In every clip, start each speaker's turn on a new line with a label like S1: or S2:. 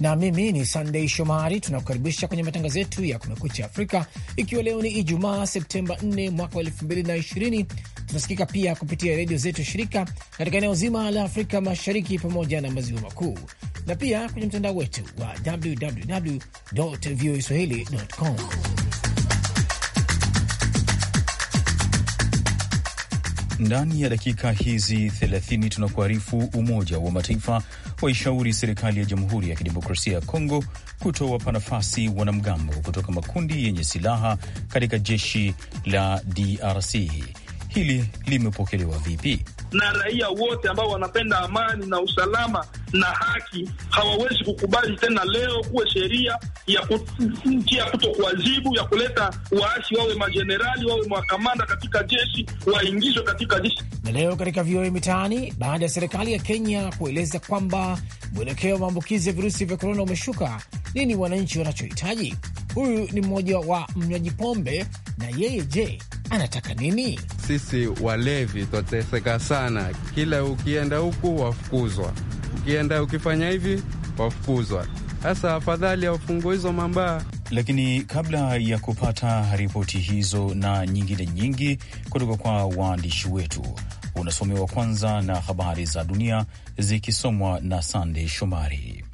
S1: na mimi ni Sandei Shomari. Tunakukaribisha kwenye matangazo yetu ya Kumekucha Afrika, ikiwa leo ni Ijumaa Septemba 4 mwaka wa 2020. Tunasikika pia kupitia redio zetu shirika katika eneo zima la Afrika Mashariki pamoja na Maziwa Makuu, na pia kwenye mtandao wetu wa www voa swahili com
S2: Ndani ya dakika hizi 30 tunakuarifu Umoja wa Mataifa waishauri serikali ya Jamhuri ya Kidemokrasia ya Kongo kutowapa nafasi wanamgambo kutoka makundi yenye silaha katika jeshi la DRC. Hili limepokelewa vipi
S3: na raia wote ambao wanapenda amani na usalama na haki hawawezi kukubali tena leo kuwe sheria ya nchi ya kutokuwajibu ya kuleta waasi wawe majenerali wawe makamanda katika jeshi waingizwe katika jeshi.
S1: Na leo katika VOA e Mitaani, baada ya serikali ya Kenya kueleza kwamba mwelekeo wa maambukizi ya virusi vya korona umeshuka, nini wananchi wanachohitaji? Huyu ni mmoja wa mnywaji pombe, na yeye je, anataka nini?
S4: Sisi walevi twateseka sana, kila ukienda huku wafukuzwa ukienda ukifanya hivi wafukuzwa. Sasa afadhali awafungue hizo mambaa. Lakini kabla ya kupata
S2: ripoti hizo na nyingine nyingi kutoka kwa waandishi wetu, unasomewa kwanza na habari za dunia zikisomwa na Sandey Shomari.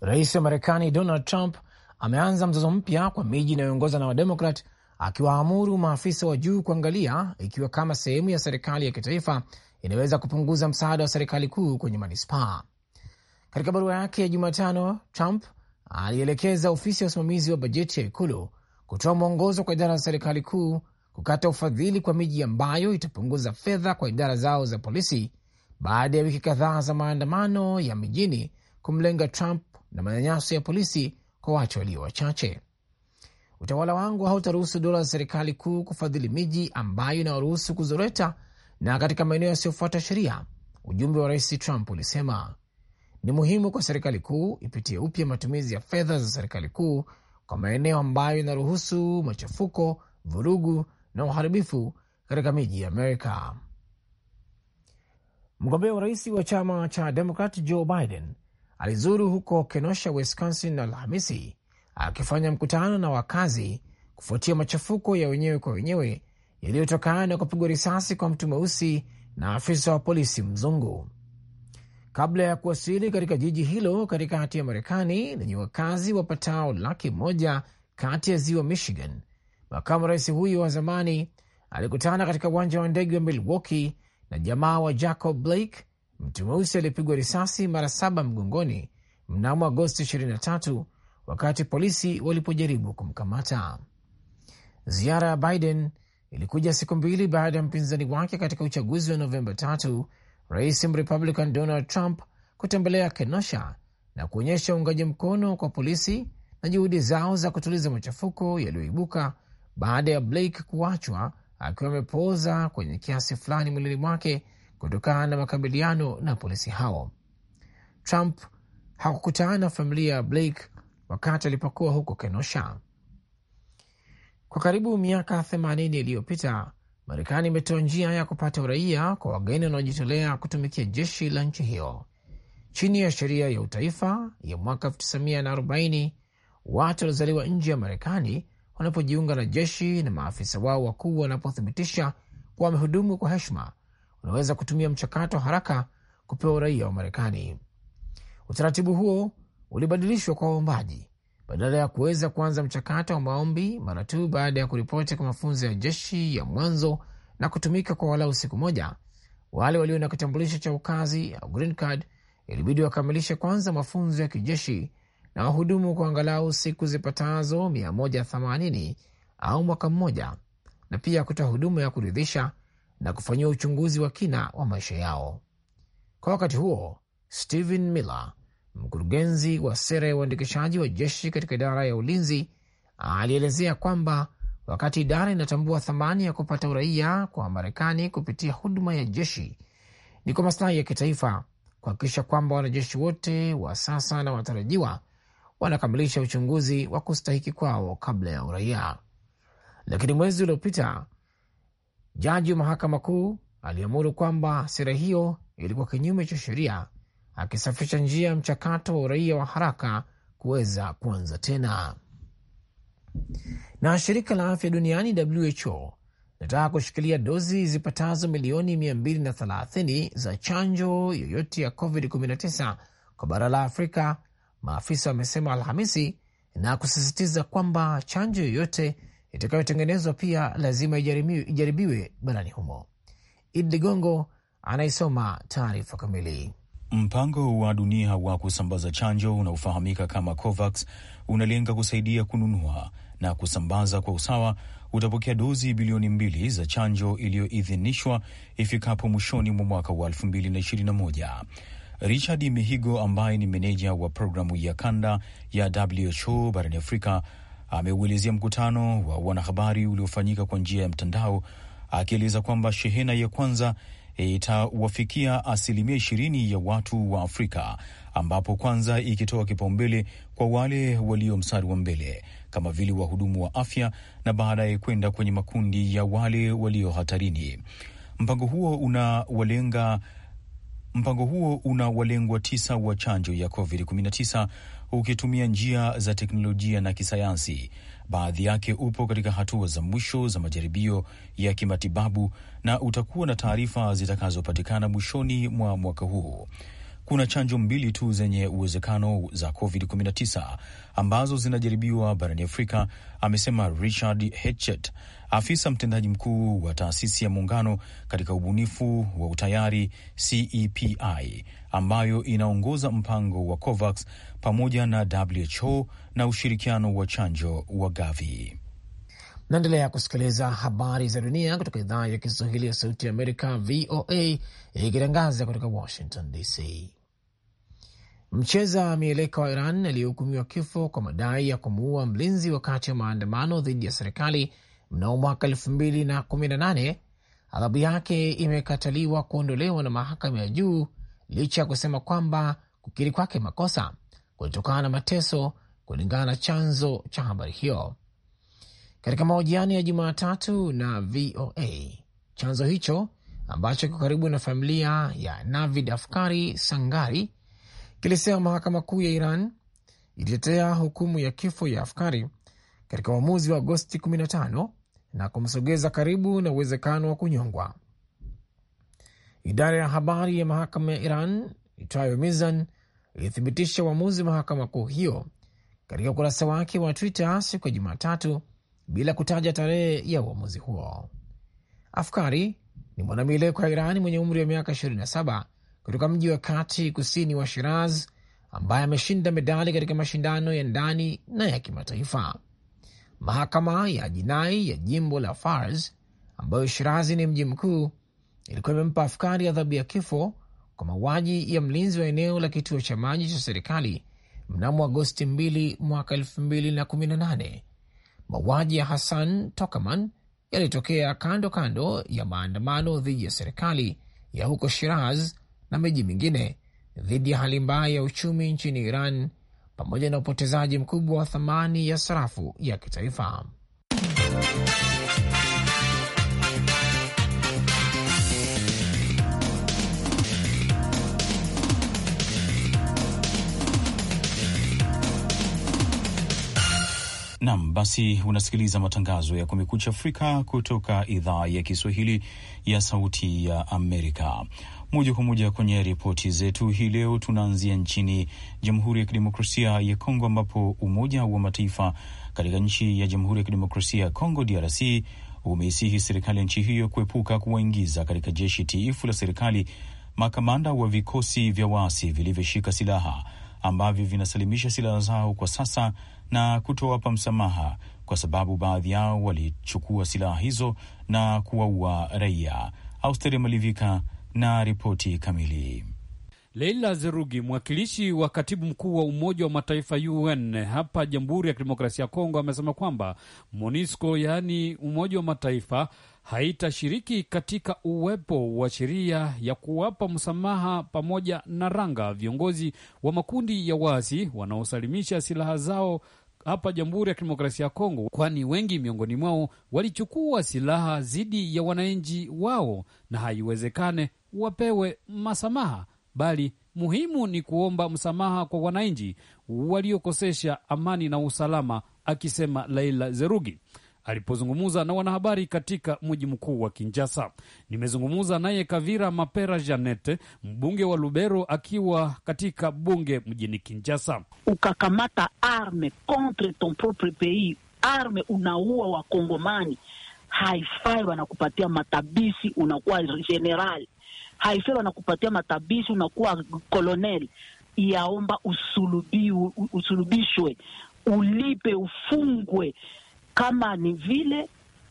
S1: Rais wa Marekani Donald Trump ameanza mzozo mpya kwa miji inayoongoza na Wademokrat, akiwaamuru maafisa wa juu kuangalia ikiwa kama sehemu ya serikali ya kitaifa inaweza kupunguza msaada wa serikali kuu kwenye manispaa. Katika barua yake ya Jumatano, Trump alielekeza ofisi ya usimamizi wa bajeti ya Ikulu kutoa mwongozo kwa idara za serikali kuu kukata ufadhili kwa miji ambayo itapunguza fedha kwa idara zao za polisi baada ya wiki kadhaa za maandamano ya mijini kumlenga Trump na manyanyaso ya polisi kwa watu walio wachache. Utawala wangu hautaruhusu dola za serikali kuu kufadhili miji ambayo inawaruhusu kuzoreta na katika maeneo yasiyofuata sheria, ujumbe wa rais Trump ulisema. Ni muhimu kwa serikali kuu ipitie upya matumizi ya fedha za serikali kuu kwa maeneo ambayo inaruhusu machafuko, vurugu na uharibifu katika miji ya Amerika. Mgombea wa rais wa chama cha Demokrat Joe Biden alizuru huko Kenosha, Wisconsin Alhamisi akifanya mkutano na wakazi kufuatia machafuko ya wenyewe kwa wenyewe yaliyotokana na kupigwa risasi kwa mtu mweusi na afisa wa polisi mzungu. Kabla ya kuwasili katika jiji hilo katikati ya Marekani lenye wakazi wapatao laki moja kati ya ziwa Michigan, makamu rais huyo wa zamani alikutana katika uwanja wa ndege wa Milwaukee na jamaa wa Jacob Blake Mtu mweusi alipigwa risasi mara saba mgongoni mnamo Agosti 23 wakati polisi walipojaribu kumkamata. Ziara ya Biden ilikuja siku mbili baada ya mpinzani wake katika uchaguzi wa Novemba tatu, rais Mrepublican Donald Trump kutembelea Kenosha na kuonyesha uungaji mkono kwa polisi na juhudi zao za kutuliza machafuko yaliyoibuka baada ya Blake kuachwa akiwa amepooza kwenye kiasi fulani mwilini mwake kutokana na makabiliano na polisi hao. Trump hakukutana na familia ya Blake wakati alipokuwa huko Kenosha. Kwa karibu miaka 80 iliyopita, Marekani imetoa njia ya kupata uraia kwa wageni wanaojitolea kutumikia jeshi la nchi hiyo. Chini ya sheria ya utaifa ya mwaka 1940 watu waliozaliwa nje ya Marekani wanapojiunga na jeshi na maafisa wao wakuu wanapothibitisha kuwa wamehudumu kwa heshima unaweza kutumia mchakato haraka kupewa uraia wa Marekani. Utaratibu huo ulibadilishwa kwa waombaji, badala ya kuweza kuanza mchakato wa maombi mara tu baada ya kuripoti kwa mafunzo ya jeshi ya mwanzo na kutumika kwa walau siku moja. Wale walio na kitambulisho cha ukazi au green card ilibidi wakamilishe kwanza mafunzo ya kijeshi na wahudumu kwa angalau siku zipatazo 180 au mwaka mmoja, na pia kutoa huduma ya kuridhisha na kufanyiwa uchunguzi wa kina wa maisha yao. Kwa wakati huo, Stephen Miller, mkurugenzi wa sera ya uandikishaji wa jeshi katika idara ya ulinzi, alielezea kwamba wakati idara inatambua thamani ya kupata uraia kwa Marekani kupitia huduma ya jeshi, ni kwa maslahi ya kitaifa kuhakikisha kwamba wanajeshi wote wa sasa na watarajiwa wanakamilisha uchunguzi wa kustahiki kwao kabla ya uraia. Lakini mwezi uliopita Jaji wa mahakama kuu aliamuru kwamba sera hiyo ilikuwa kinyume cha sheria, akisafisha njia ya mchakato wa uraia wa haraka kuweza kuanza tena. Na shirika la afya duniani WHO linataka kushikilia dozi zipatazo milioni 230 za chanjo yoyote ya COVID-19 kwa bara la Afrika, maafisa wamesema Alhamisi, na kusisitiza kwamba chanjo yoyote itakayotengenezwa pia lazima ijaribiwe barani humo. Id Ligongo anaisoma taarifa kamili.
S2: Mpango wa dunia wa kusambaza chanjo unaofahamika kama COVAX unalenga kusaidia kununua na kusambaza kwa usawa. Utapokea dozi bilioni mbili za chanjo iliyoidhinishwa ifikapo mwishoni mwa mwaka wa 2021. Richard Mihigo ambaye ni meneja wa programu ya kanda ya WHO barani Afrika ameuelezea mkutano wa wanahabari uliofanyika kwa njia ya mtandao, akieleza kwamba shehena ya kwanza e, itawafikia asilimia ishirini ya watu wa Afrika, ambapo kwanza ikitoa kipaumbele kwa wale walio mstari wa mbele kama vile wahudumu wa afya na baadaye kwenda kwenye makundi ya wale walio hatarini. Mpango huo unawalenga mpango huo una walengwa tisa wa chanjo ya COVID-19 ukitumia njia za teknolojia na kisayansi. Baadhi yake upo katika hatua za mwisho za majaribio ya kimatibabu na utakuwa na taarifa zitakazopatikana mwishoni mwa mwaka huu. Kuna chanjo mbili tu zenye uwezekano za COVID-19 ambazo zinajaribiwa barani Afrika, amesema Richard Hechtchet, afisa mtendaji mkuu wa taasisi ya muungano katika ubunifu wa utayari CEPI, ambayo inaongoza mpango wa COVAX pamoja na WHO na
S1: ushirikiano wa chanjo
S2: wa Gavi.
S1: Naendelea kusikiliza habari za dunia kutoka idhaa ya Kiswahili ya Sauti ya Amerika, VOA, ikitangaza kutoka Washington DC. Mcheza mieleka wa Iran aliyehukumiwa kifo kwa madai ya kumuua mlinzi wakati wa maandamano dhidi ya serikali mnamo mwaka elfu mbili na kumi na nane adhabu yake imekataliwa kuondolewa na mahakama ya juu licha ya kusema kwamba kukiri kwake makosa kutokana na mateso, kulingana na chanzo cha habari hiyo. Katika mahojiano ya Jumatatu na VOA, chanzo hicho ambacho kiko karibu na familia ya Navid Afkari Sangari kilisema mahakama kuu ya Iran ilitetea hukumu ya kifo ya Afkari katika uamuzi wa Agosti 15 na kumsogeza karibu na uwezekano wa kunyongwa. Idara ya habari ya mahakama ya Iran itwayo Mizan ilithibitisha uamuzi wa mahakama kuu hiyo katika ukurasa wake wa Twitter siku ya Jumatatu bila kutaja tarehe ya uamuzi huo. Afkari ni mwanamileko wa Irani mwenye umri wa miaka 27 kutoka mji wa kati kusini wa Shiraz ambaye ameshinda medali katika mashindano ya ndani na ya kimataifa. Mahakama ya jinai ya jimbo la Fars, ambayo Shirazi ni mji mkuu, ilikuwa imempa Afkari adhabu ya kifo kwa mauaji ya mlinzi wa eneo la kituo cha maji cha serikali mnamo Agosti 2 mwaka 2018. Mauaji ya Hassan Tokaman yalitokea kando kando ya maandamano dhidi ya serikali ya huko Shiraz na miji mingine dhidi ya hali mbaya ya uchumi nchini Iran pamoja na upotezaji mkubwa wa thamani ya sarafu ya kitaifa.
S2: Nam, basi unasikiliza matangazo ya Kumekucha Afrika kutoka idhaa ya Kiswahili ya Sauti ya Amerika. Moja kwa moja kwenye ripoti zetu hii leo, tunaanzia nchini Jamhuri ya Kidemokrasia ya Kongo, ambapo Umoja wa Mataifa katika nchi ya Jamhuri ya Kidemokrasia ya Kongo, DRC, umeisihi serikali ya nchi hiyo kuepuka kuwaingiza katika jeshi tiifu la serikali makamanda wa vikosi vya waasi vilivyoshika silaha ambavyo vinasalimisha silaha zao kwa sasa na kutowapa msamaha kwa sababu baadhi yao walichukua silaha hizo na kuwaua raia. Austeri Malivika na ripoti kamili.
S5: Leila Zerugi, mwakilishi wa katibu mkuu wa Umoja wa Mataifa UN hapa Jamhuri ya Kidemokrasia ya Kongo, amesema kwamba MONUSCO yaani Umoja wa Mataifa haitashiriki katika uwepo wa sheria ya kuwapa msamaha pamoja na ranga viongozi wa makundi ya waasi wanaosalimisha silaha zao hapa Jamhuri ya Kidemokrasia ya Kongo, kwani wengi miongoni mwao walichukua silaha dhidi ya wananchi wao, na haiwezekane wapewe masamaha, bali muhimu ni kuomba msamaha kwa wananchi waliokosesha amani na usalama, akisema Laila Zerugi alipozungumza na wanahabari katika mji mkuu wa Kinjasa. Nimezungumza naye Kavira Mapera Janete, mbunge wa Lubero, akiwa katika bunge mjini Kinjasa. Ukakamata arme contre ton propre pays, arme unaua Wakongomani,
S2: haifai wanakupatia matabisi, unakuwa general, haifai wanakupatia matabisi, unakuwa kolonel. Yaomba usulubi, usulubishwe, ulipe, ufungwe kama ni vile,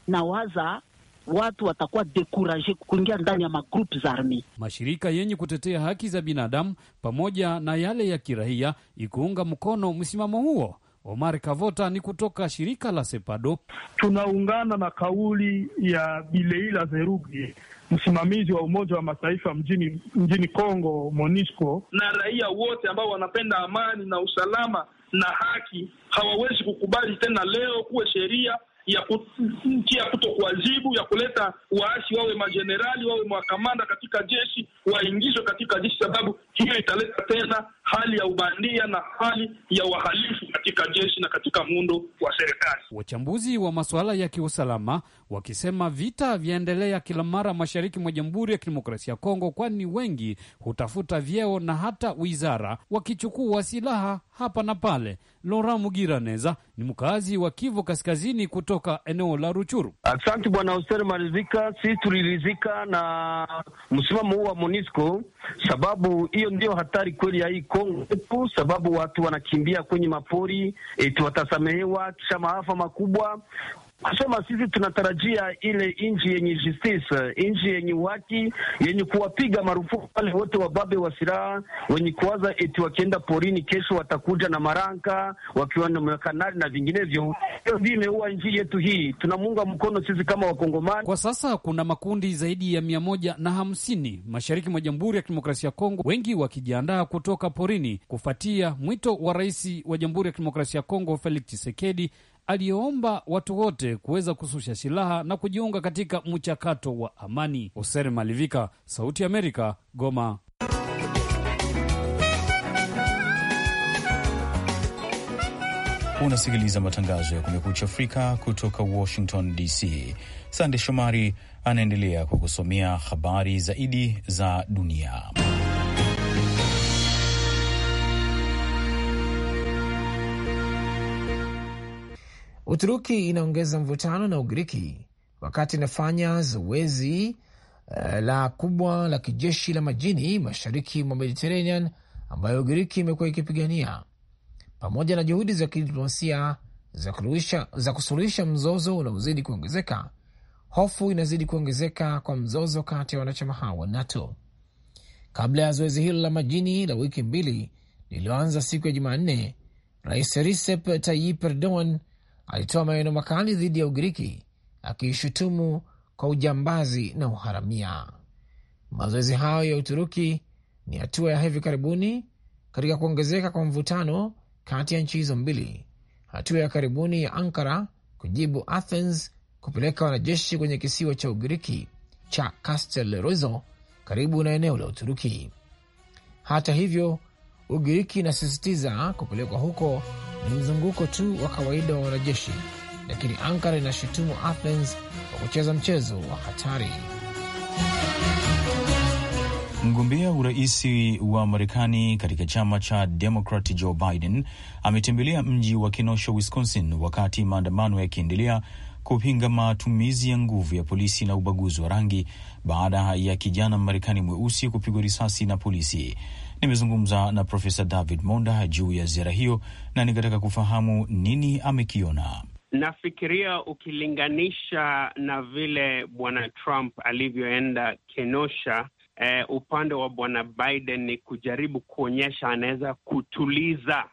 S2: nawaza watu watakuwa dekuraje kuingia ndani ya magrupu za armi.
S5: Mashirika yenye kutetea haki za binadamu pamoja na yale ya kiraia ikuunga mkono msimamo huo. Omar Kavota ni kutoka shirika la Sepado. Tunaungana na
S3: kauli ya Bileila Zerugi, msimamizi wa Umoja wa Mataifa mjini
S4: mjini Kongo, MONISCO,
S3: na raia wote ambao wanapenda amani na usalama na haki hawawezi kukubali tena leo kuwe sheria ya nchi ya kutokuwajibu ya kuleta waasi wawe majenerali wawe mwakamanda katika jeshi waingizwe katika jeshi, sababu hiyo italeta tena hali ya ubandia na hali ya wahalifu katika jeshi na katika muundo wa serikali.
S5: Wachambuzi wa masuala ya kiusalama wakisema vita vyaendelea kila mara mashariki mwa Jamhuri ya Kidemokrasia ya Kongo, kwani wengi hutafuta vyeo na hata wizara, wakichukua silaha hapa na pale. Laurent Mugiraneza ni mkazi wa Kivu Kaskazini kutoka eneo la Ruchuru.
S3: Asante bwana Hoster Marizika, sisi tulirizika na msimamo huu wa MONUSCO sababu hiyo ndio hatari kweli ya hii Kongo yetu, sababu watu wanakimbia kwenye mapori eti eh, watasamehewa kisha maafa makubwa kusema sisi tunatarajia ile nchi yenye justice, nchi yenye haki, yenye kuwapiga marufuku wale wote wababe wa silaha wenye kuwaza eti wakienda porini kesho watakuja na maranka wakiwa na makanari na vinginevyo. Hiyo ndio imeua nchi yetu hii. Tunamuunga mkono
S5: sisi kama Wakongomani. Kwa sasa kuna makundi zaidi ya mia moja na hamsini mashariki mwa Jamhuri ya Kidemokrasia ya Kongo, wengi wakijiandaa kutoka porini kufuatia mwito wa rais wa Jamhuri ya Kidemokrasia ya Kongo Felix Tshisekedi aliyeomba watu wote kuweza kususha silaha na kujiunga katika mchakato wa amani. Hoser Malivika, Sauti ya Amerika, Goma.
S2: Unasikiliza matangazo ya Kumekucha Afrika kutoka Washington DC. Sande Shomari anaendelea kukusomea habari zaidi za dunia.
S1: Uturuki inaongeza mvutano na Ugiriki wakati inafanya zoezi uh, la kubwa la kijeshi la majini mashariki mwa Mediterranean ambayo Ugiriki imekuwa ikipigania pamoja na juhudi za kidiplomasia za kusuluhisha mzozo unaozidi kuongezeka. Hofu inazidi kuongezeka kwa mzozo kati ya wanachama hao wa NATO. Kabla ya zoezi hilo la majini la wiki mbili lililoanza siku ya Jumanne, Rais Recep Tayyip Erdogan alitoa maneno makali dhidi ya Ugiriki akiishutumu kwa ujambazi na uharamia. Mazoezi hayo ya Uturuki ni hatua ya hivi karibuni katika kuongezeka kwa mvutano kati ya nchi hizo mbili, hatua ya karibuni ya Ankara kujibu Athens kupeleka wanajeshi kwenye kisiwa cha Ugiriki cha Castellorizo karibu na eneo la Uturuki. Hata hivyo, Ugiriki inasisitiza kupelekwa huko ni mzunguko tu wa kawaida wa wanajeshi, lakini Ankara inashutumu Athens kwa kucheza mchezo wa hatari.
S2: Mgombea uraisi wa Marekani katika chama cha Demokrat Joe Biden ametembelea mji wa Kenosha, Wisconsin, wakati maandamano yakiendelea kupinga matumizi ya nguvu ya polisi na ubaguzi wa rangi baada ya kijana marekani mweusi kupigwa risasi na polisi. Nimezungumza na Profesa David Monda juu ya ziara hiyo na nikataka kufahamu nini amekiona.
S3: Nafikiria ukilinganisha na vile bwana Trump alivyoenda Kenosha, eh, upande wa bwana Biden ni kujaribu kuonyesha anaweza kutuliza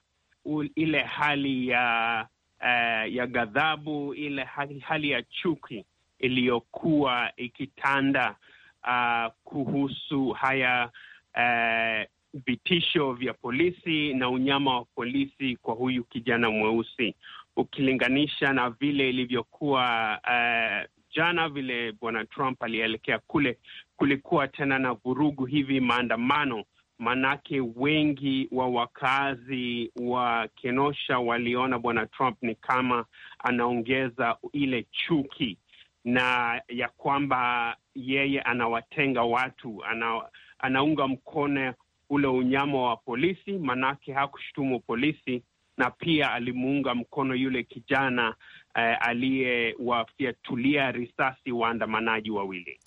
S3: ile hali ya eh, ya ghadhabu, ile hali, hali ya chuki iliyokuwa ikitanda uh, kuhusu haya eh, vitisho vya polisi na unyama wa polisi kwa huyu kijana mweusi ukilinganisha na vile ilivyokuwa uh, jana vile bwana Trump alielekea kule, kulikuwa tena na vurugu hivi, maandamano. Maanake wengi wa wakazi wa Kenosha waliona bwana Trump ni kama anaongeza ile chuki na ya kwamba yeye anawatenga watu ana, anaunga mkono ule unyama wa polisi, manake hakushutumu polisi, na pia alimuunga mkono yule kijana eh, aliyewafyatulia risasi waandamanaji wawili.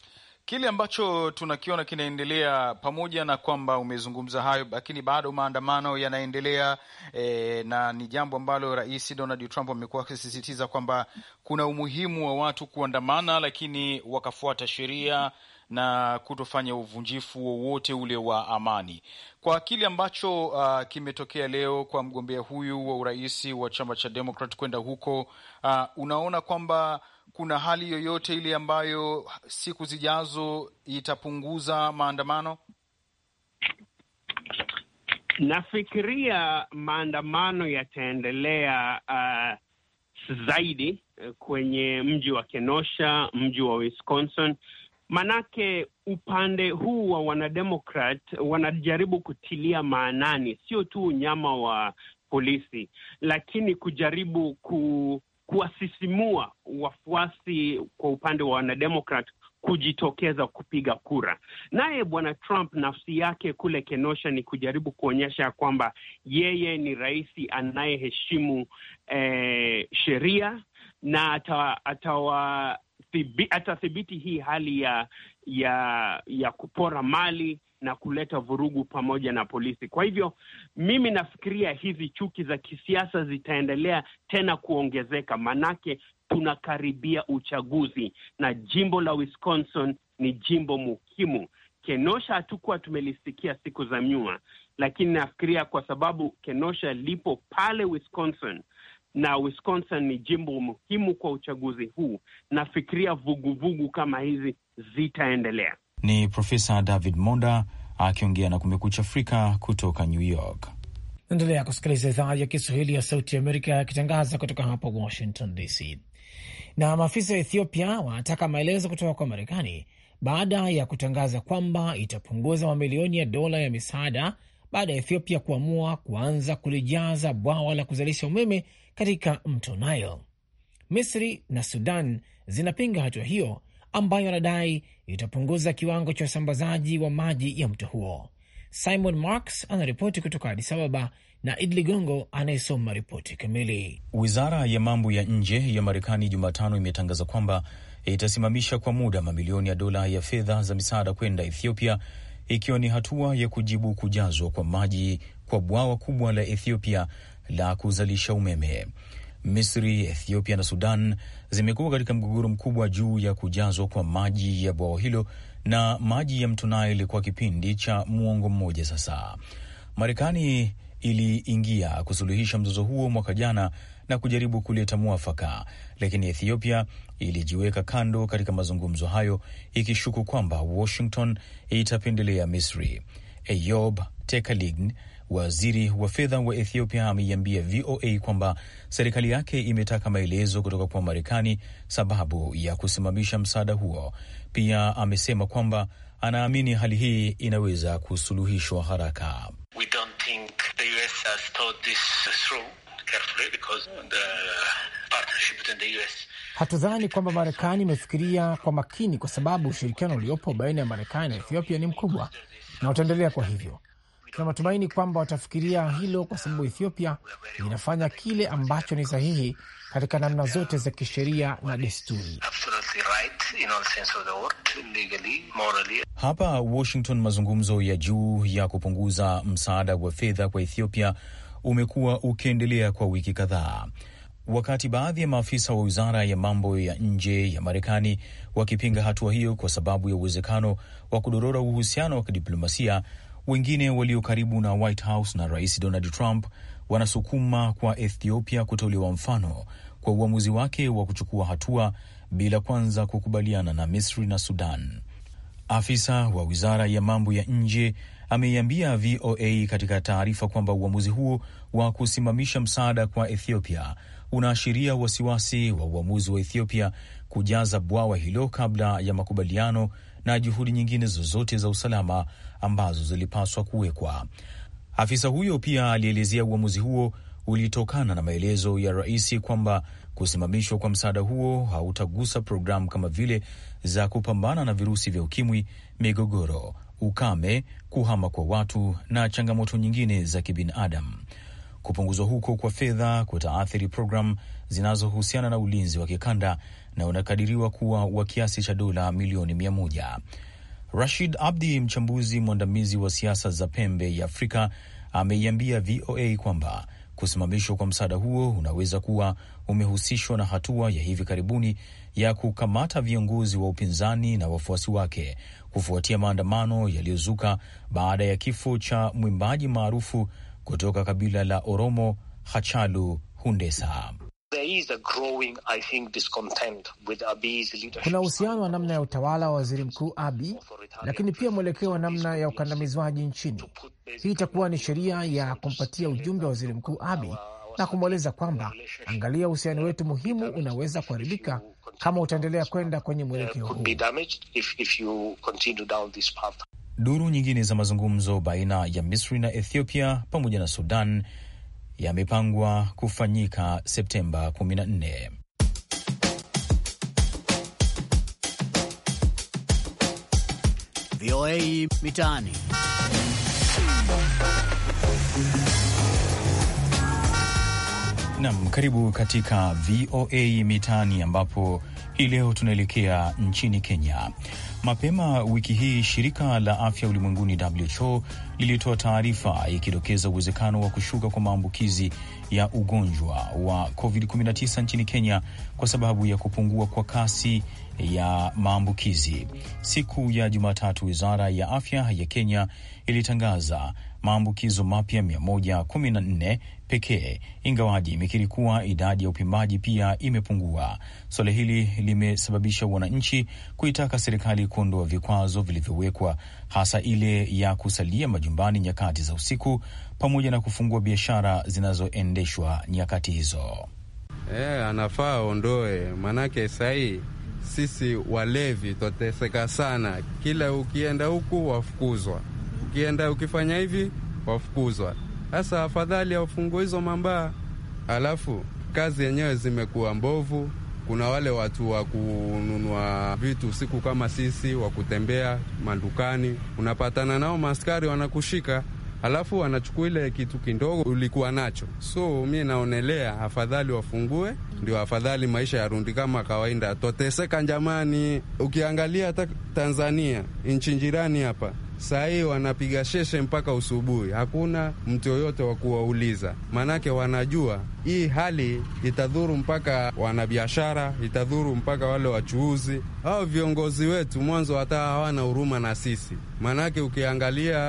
S2: Kile ambacho tunakiona kinaendelea, pamoja na kwamba umezungumza hayo, lakini bado maandamano yanaendelea e, na ni jambo ambalo Rais Donald Trump amekuwa akisisitiza kwamba kuna umuhimu wa watu kuandamana, lakini wakafuata sheria na kutofanya uvunjifu wowote ule wa amani. Kwa kile ambacho uh, kimetokea leo kwa mgombea huyu wa urais wa chama cha Demokrat kwenda huko, uh, unaona kwamba kuna hali
S3: yoyote ile ambayo siku zijazo itapunguza maandamano? Nafikiria maandamano yataendelea uh, zaidi uh, kwenye mji wa Kenosha, mji wa Wisconsin Manake upande huu wa wanademokrat wanajaribu kutilia maanani sio tu unyama wa polisi, lakini kujaribu ku, kuwasisimua wafuasi kwa upande wa wanademokrat kujitokeza kupiga kura. Naye bwana Trump nafsi yake kule Kenosha ni kujaribu kuonyesha kwamba yeye ni rais anayeheshimu eh, sheria na atawa, atawa atathibiti hii hali ya ya ya kupora mali na kuleta vurugu pamoja na polisi. Kwa hivyo mimi nafikiria hizi chuki za kisiasa zitaendelea tena kuongezeka, manake tunakaribia uchaguzi na jimbo la Wisconsin ni jimbo muhimu. Kenosha hatukuwa tumelisikia siku za nyuma, lakini nafikiria kwa sababu Kenosha lipo pale Wisconsin na Wisconsin ni jimbo muhimu kwa uchaguzi huu. Nafikiria vuguvugu kama hizi zitaendelea.
S2: Ni Profesa David Monda akiongea na Kumekucha Afrika kutoka New York.
S1: Naendelea kusikiliza idhaa ya Kiswahili ya Sauti ya Amerika yakitangaza kutoka hapa Washington DC. Na maafisa wa Ethiopia wanataka maelezo kutoka kwa Marekani baada ya kutangaza kwamba itapunguza mamilioni ya dola ya misaada baada ya Ethiopia kuamua kuanza kulijaza bwawa la kuzalisha umeme katika mto Nile. Misri na Sudan zinapinga hatua hiyo ambayo anadai itapunguza kiwango cha usambazaji wa maji ya mto huo. Simon Marks anaripoti kutoka Addis Ababa na Id Ligongo anayesoma ripoti kamili.
S2: Wizara ya mambo ya nje ya Marekani Jumatano imetangaza kwamba itasimamisha kwa muda mamilioni ya dola ya fedha za misaada kwenda Ethiopia, ikiwa ni hatua ya kujibu kujazwa kwa maji kwa bwawa kubwa la Ethiopia la kuzalisha umeme. Misri, Ethiopia na Sudan zimekuwa katika mgogoro mkubwa juu ya kujazwa kwa maji ya bwawa hilo na maji ya mto Nile kwa kipindi cha muongo mmoja sasa. Marekani iliingia kusuluhisha mzozo huo mwaka jana na kujaribu kuleta mwafaka, lakini Ethiopia ilijiweka kando katika mazungumzo hayo ikishuku kwamba Washington itapendelea Misri. Eyob Tekalign Waziri wa fedha wa Ethiopia ameiambia VOA kwamba serikali yake imetaka maelezo kutoka kwa Marekani sababu ya kusimamisha msaada huo. Pia amesema kwamba anaamini hali hii inaweza kusuluhishwa haraka.
S3: We don't think the US has thought this through carefully because the partnership between the US
S1: Hatudhani kwamba Marekani imefikiria kwa makini, kwa sababu ushirikiano uliopo baina ya Marekani na Ethiopia ni mkubwa na utaendelea kwa hivyo tuna matumaini kwamba watafikiria hilo, kwa sababu Ethiopia inafanya kile ambacho ni sahihi katika namna zote za kisheria na desturi. Hapa Washington, mazungumzo ya
S2: juu ya kupunguza msaada wa fedha kwa Ethiopia umekuwa ukiendelea kwa wiki kadhaa wakati baadhi ya maafisa wa wizara ya mambo ya nje ya Marekani wakipinga hatua hiyo kwa sababu ya uwezekano wa kudorora uhusiano wa kidiplomasia wengine walio karibu na White House na Rais Donald Trump wanasukuma kwa Ethiopia kutolewa mfano kwa uamuzi wake wa kuchukua hatua bila kwanza kukubaliana na Misri na Sudan. Afisa wa Wizara ya Mambo ya Nje ameiambia VOA katika taarifa kwamba uamuzi huo wa kusimamisha msaada kwa Ethiopia unaashiria wasiwasi wa uamuzi wa Ethiopia kujaza bwawa hilo kabla ya makubaliano na juhudi nyingine zozote za usalama ambazo zilipaswa kuwekwa. Afisa huyo pia alielezea uamuzi huo ulitokana na maelezo ya rais kwamba kusimamishwa kwa msaada huo hautagusa programu kama vile za kupambana na virusi vya ukimwi, migogoro, ukame, kuhama kwa watu na changamoto nyingine za kibinadamu. Kupunguzwa huko kwa fedha kutaathiri programu zinazohusiana na ulinzi wa kikanda na unakadiriwa kuwa wa kiasi cha dola milioni mia moja. Rashid Abdi, mchambuzi mwandamizi wa siasa za pembe ya Afrika, ameiambia VOA kwamba kusimamishwa kwa msaada huo unaweza kuwa umehusishwa na hatua ya hivi karibuni ya kukamata viongozi wa upinzani na wafuasi wake kufuatia maandamano yaliyozuka baada ya kifo cha mwimbaji maarufu kutoka kabila la Oromo Hachalu hundesa
S1: kuna uhusiano wa namna ya utawala wa waziri mkuu Abi, lakini pia mwelekeo wa namna ya ukandamizwaji nchini. Hii itakuwa ni sheria ya kumpatia ujumbe wa waziri mkuu Abi na kumweleza kwamba, angalia, uhusiano wetu muhimu unaweza kuharibika kama utaendelea kwenda kwenye mwelekeo huu. Duru nyingine za
S2: mazungumzo baina ya Misri na Ethiopia pamoja na Sudan yamepangwa kufanyika Septemba 14.
S1: VOA Mitaani.
S2: Nam, karibu katika VOA Mitaani ambapo hii leo tunaelekea nchini Kenya. Mapema wiki hii shirika la afya ulimwenguni WHO lilitoa taarifa ikidokeza uwezekano wa kushuka kwa maambukizi ya ugonjwa wa COVID-19 nchini Kenya kwa sababu ya kupungua kwa kasi ya maambukizi. Siku ya Jumatatu, wizara ya afya ya Kenya ilitangaza maambukizo mapya 114 pekee, ingawaji imekiri kuwa idadi ya upimaji pia imepungua. Suala hili limesababisha wananchi kuitaka serikali kuondoa vikwazo vilivyowekwa, hasa ile ya kusalia majumbani nyakati za usiku, pamoja na kufungua biashara zinazoendeshwa nyakati hizo.
S4: E, anafaa aondoe, maanake sahii sisi walevi twateseka sana, kila ukienda huku wafukuzwa ukienda ukifanya hivi wafukuzwa. Sasa afadhali afungue hizo mambaa. Alafu kazi yenyewe zimekuwa mbovu. Kuna wale watu wa kununua vitu usiku kama sisi, wa kutembea mandukani, unapatana nao maskari wanakushika alafu wanachukua ile kitu kidogo ulikuwa nacho. So mi naonelea afadhali wafungue, ndio afadhali maisha yarundi kama kawaida. Twateseka jamani, ukiangalia hata Tanzania nchi jirani hapa saa hii wanapiga sheshe mpaka usubuhi, hakuna mtu yoyote wa kuwauliza, maanake wanajua hii hali itadhuru mpaka wanabiashara, itadhuru mpaka wale wachuuzi. Hao viongozi wetu mwanzo hata hawana huruma na sisi, maanake ukiangalia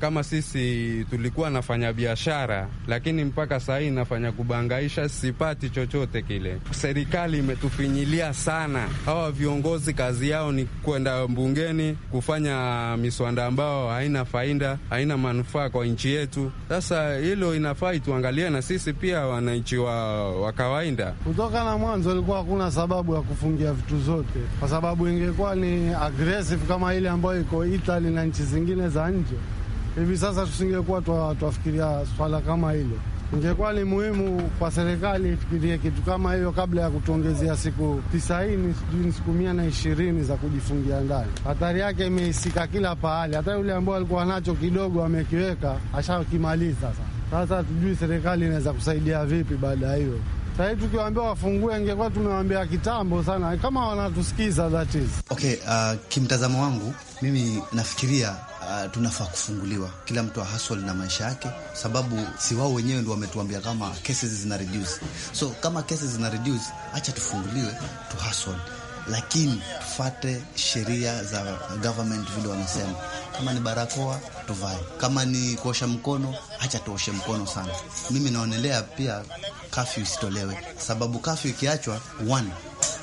S4: kama sisi tulikuwa nafanya biashara, lakini mpaka saa hii nafanya kubangaisha, sipati chochote kile. Serikali imetufinyilia sana. Hawa viongozi kazi yao ni kwenda bungeni kufanya miswanda ambao haina faida, haina manufaa kwa nchi yetu. Sasa hilo inafaa ituangalie na sisi pia wananchi wa, wa kawaida.
S6: Kutoka na mwanzo ilikuwa hakuna sababu ya kufungia vitu zote, kwa sababu ingekuwa ni aggressive kama ile ambayo iko Italy na nchi zingine za nje, hivi sasa tusingekuwa twafikiria swala kama hilo. Ingekuwa ni muhimu kwa serikali ifikirie kitu kama hiyo kabla ya kutuongezea siku tisaini sijui siku mia na ishirini za kujifungia ndani. Hatari yake imehisika kila pahali, hata yule ambao alikuwa nacho kidogo amekiweka ashakimaliza sasa sasa tujui serikali inaweza kusaidia vipi baada ya hiyo. Sahii tukiwaambia wafungue, ingekuwa tumewaambia kitambo sana, kama wanatusikiza that is. Okay, uh, kimtazamo wangu mimi nafikiria Uh, tunafaa kufunguliwa kila mtu ahasol na maisha yake, sababu si wao wenyewe ndio wametuambia kama cases zina reduce. So kama cases zina reduce, acha tufunguliwe tuhasol, lakini tufate sheria za government vile wanasema kama ni barakoa tuvae, kama ni kuosha mkono, hacha tuoshe mkono sana. Mimi naonelea pia kafyu isitolewe, sababu kafyu ikiachwa, one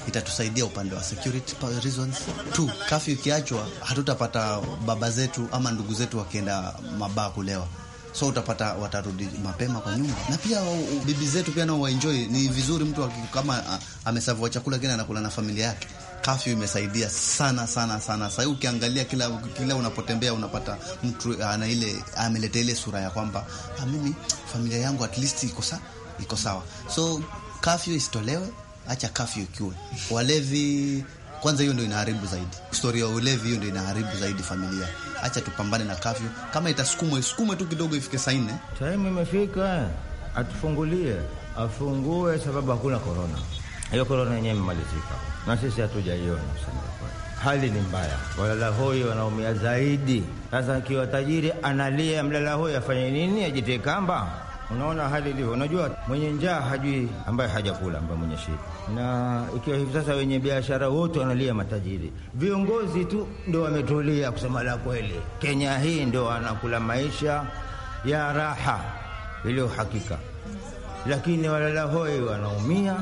S6: itatusaidia upande wa security reasons. Two, kafyu ikiachwa, hatutapata baba zetu ama ndugu zetu wakienda mabaa kulewa so utapata watarudi mapema kwa nyumba, na pia bibi zetu pia nao waenjoy. Ni vizuri mtu kama amesavua chakula kile anakula na familia yake kafyu imesaidia sana sana sana. Sahii ukiangalia kila, kila unapotembea unapata mtu ana ile ameleta ile sura ya kwamba ah, mimi familia yangu at least iko sa iko sawa. So kafyu isitolewe, acha kafyu ikiwe. Walevi kwanza, hiyo ndio inaharibu zaidi. Historia ya ulevi, hiyo ndio inaharibu zaidi familia. Acha tupambane na kafyu,
S7: kama itasukumwa isukume tu kidogo, ifike saa nne. Time imefika atufungulie, afungue, sababu hakuna korona. Hiyo korona yenyewe imemalizika na sisi hatujaiona hali ni mbaya, walala hoi wanaumia zaidi. Sasa akiwa tajiri analia, mlala hoi afanye nini? Ajitie kamba? Unaona hali ilivyo. Unajua, mwenye njaa hajui ambaye hajakula, ambaye mwenye shida. Na ikiwa hivi sasa, wenye biashara wote wanalia, matajiri. Viongozi tu ndo wametulia, kusema la kweli. Kenya hii ndo wanakula maisha ya raha iliyo hakika, lakini walala hoi wanaumia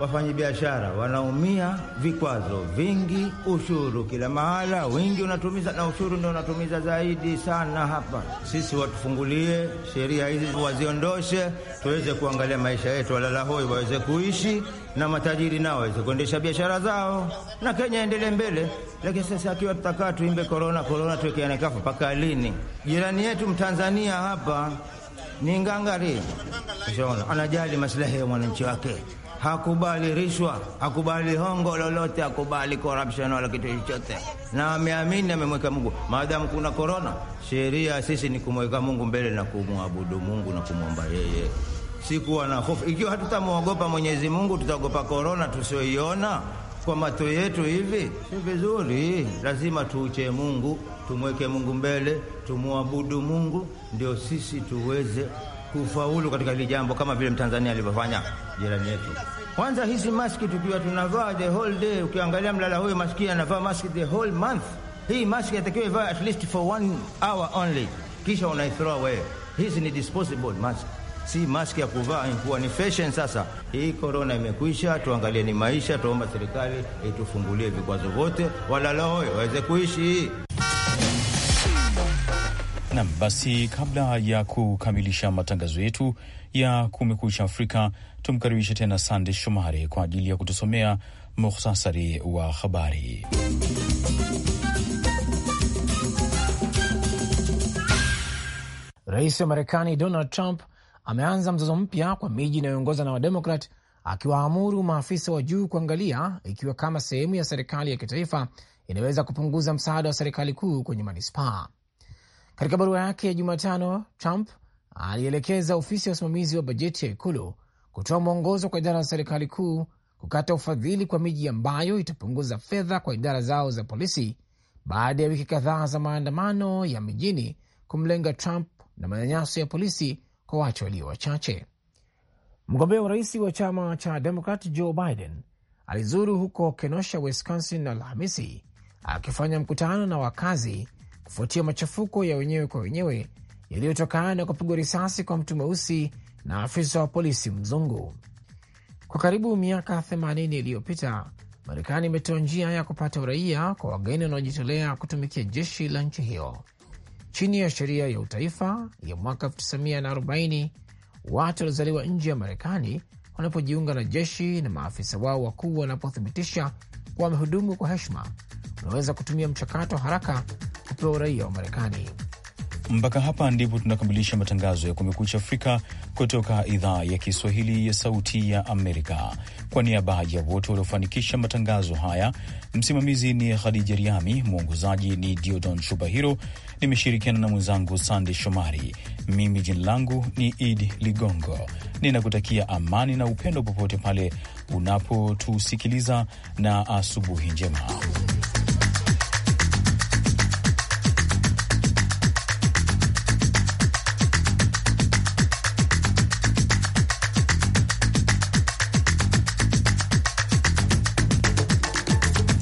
S7: wafanyabiashara wanaumia, vikwazo vingi, ushuru kila mahala, wingi unatumiza na ushuru ndio unatumiza zaidi sana hapa. Sisi watufungulie sheria hizi, waziondoshe, tuweze kuangalia maisha yetu, walala hoi waweze kuishi na matajiri nao waweze kuendesha biashara zao, na Kenya endelee mbele. Lakini sasa akiwa tutakaa tuimbe korona korona, tuwekeane kafu mpaka lini? Jirani yetu mtanzania hapa ni ngangari, anajali masilahi ya mwananchi wake hakubali rishwa, hakubali hongo lolote, hakubali corruption wala kitu chochote, na ameamini amemweka Mungu. Maadamu kuna korona, sheria sisi ni kumweka Mungu mbele na kumwabudu Mungu na kumwomba yeye, sikuwa na hofu. Ikiwa hatutamwogopa Mwenyezi Mungu, tutaogopa korona tusioiona kwa macho yetu hivi, si vizuri. Lazima tuuche Mungu, tumweke Mungu mbele, tumwabudu Mungu, ndio sisi tuweze kufaulu katika hili jambo kama vile Mtanzania alivyofanya jirani yetu. Kwanza hizi maski tukiwa tunavaa the whole day, ukiangalia mlala huyo maskini anavaa maski the whole month. Hii maski atakiwa ivaa at least for one hour only, kisha unaithrow away. Hizi ni disposable mask, si maski ya kuvaa kuwa ni fashion. Sasa hii korona imekwisha, tuangalie ni maisha. Tuomba serikali itufungulie vikwazo vyote, walalao waweze kuishi.
S2: Nam, basi kabla ya kukamilisha matangazo yetu ya Kumekucha Afrika, tumkaribishe tena Sande Shomari kwa ajili ya kutusomea muhtasari wa
S1: habari. Rais wa Marekani Donald Trump ameanza mzozo mpya kwa miji inayoongoza na Wademokrat, akiwaamuru maafisa wa juu kuangalia ikiwa kama sehemu ya serikali ya kitaifa inaweza kupunguza msaada wa serikali kuu kwenye manispaa. Katika barua yake ya Jumatano, Trump alielekeza ofisi ya usimamizi wa bajeti ya ikulu kutoa mwongozo kwa idara za serikali kuu kukata ufadhili kwa miji ambayo itapunguza fedha kwa idara zao za polisi baada ya wiki kadhaa za maandamano ya mijini kumlenga Trump na manyanyaso ya polisi kwa watu walio wachache. Mgombea wa rais wa chama cha Demokrat Joe Biden alizuru huko Kenosha, Wisconsin Alhamisi akifanya mkutano na wakazi kufuatia machafuko ya wenyewe kwa wenyewe yaliyotokana na kupigwa risasi kwa mtu mweusi na afisa wa polisi mzungu. Kwa karibu miaka 80 iliyopita, Marekani imetoa njia ya kupata uraia kwa wageni wanaojitolea kutumikia jeshi la nchi hiyo. Chini ya sheria ya utaifa ya mwaka 1940 watu waliozaliwa nje ya Marekani wanapojiunga na jeshi na maafisa wao wakuu wanapothibitisha kuwa wamehudumu kwa heshima, unaweza kutumia mchakato haraka kupewa uraia wa Marekani.
S2: Mpaka hapa ndipo tunakamilisha matangazo ya Kumekucha Afrika kutoka idhaa ya Kiswahili ya Sauti ya Amerika. Kwa niaba ya wote waliofanikisha matangazo haya, msimamizi ni Khadija Riami, mwongozaji ni Diodon Shubahiro. Nimeshirikiana na mwenzangu Sande Shomari. Mimi jina langu ni Id Ligongo, ninakutakia amani na upendo popote pale unapotusikiliza, na asubuhi njema.